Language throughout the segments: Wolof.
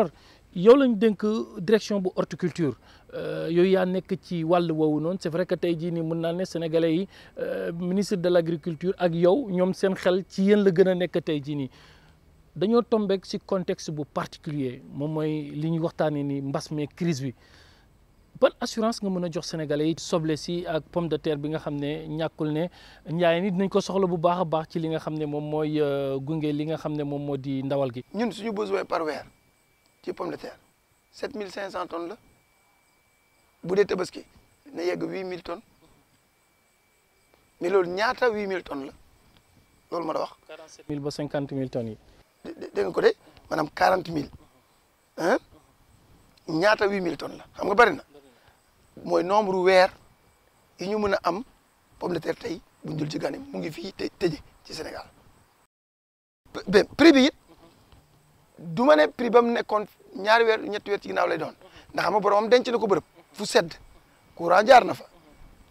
alors yow lañ denk direction bu horticulture euh yooyu ya nek ci walu woowu non c'est vrai que tey jii nii mën naa ne sénégalais yi euh ministre de l'agriculture ak yow ñom sen xel ci yeen la gëna nek nekk tey jii nii dañoo tombeek ci contexte bu particulier mom moy li ñuy ni mbas crise bi bonne assurance nga mëna jox sénégalais yi soblé ci ak pomme de terre bi nga xamné ne né ne njaay ni dinañ ko soxla bu baaxa baax ci li nga xamné mom moy euh, gungé li nga xamné mom modi ndawal gi ñun suñu besoin par verre ci pomme de mille 7500 tonnes la bu dee tabaski na yegg 8000 ton mais loolu ñaata 8000 tonnes la loolu ma la wax. 47000 ba cinquante tonnes ton dégg nga ko de maanaam 40000 ah ñaata 8000 tonnes la xam nga bari na mooy nombre weer yi ñu mën am pomme de terre tey bu ñu dul ci gànnaam mu ngi fii tëje ci Sénégal. prix du ma ne prix ba mu nekkoon ñaari weer ñetti weer ci ginnaaw lay doon ndax xam nga boromam denc na ko bërëb fu sedd courant jaar na fa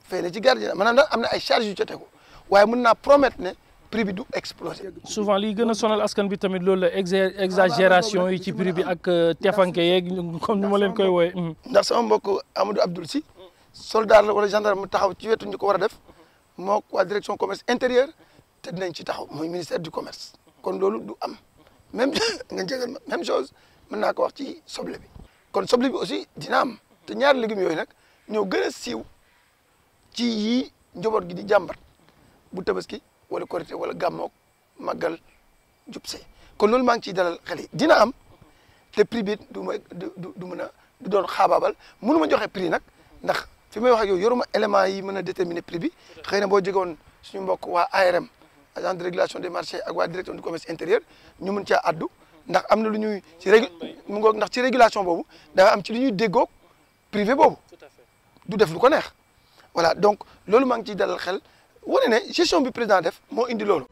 fay na ci gardien na daal am na ay charges yu ca ko waaye mën na promet ne prix bi du explosé. souvent liy gën a sonal askan bi tamit loolu la exagération yi ci prix bi ak euh, tefanke yeeg comme ni ma leen koy wooye mhm. ndax sama mbokk Amadou Abdoul Si soldat la wala gendarme mu taxaw ci wetu ñu ko war a def moo waa direction commerce te dinañ ci taxaw muy ministère du commerce kon loolu du am. même nga jégal ma même chose mën naa ko wax ci soble bi kon soble bi aussi dina am te ñaari légumes yooyu nag ñoo gën a siiw ci yii njaboot gi di jàmbat bu tabaski wala korité wala gàmmoog màggal jub see kon loolu maa ngi ciy dalal xel dina am te prix bi du ma du du mën a du doon xaabaabal mënu ma joxe prix nag ndax fi may wax ak yow yoruma éléments yi mën a déterminer pri bi xëy na boo jógewoon suñu mbokk waa ARM agent de régulation des marchés ak waa direction du commerce intérieur ñu mun ci addu ndax amna luñuy ci rég mu ndax ci régulation bobu dafa am ci lu ñuy déggoo privé boobu du def lu ko neex voilà donc lolu ma ngi ci dalal xel woné né gestion bi président def mo indi lolu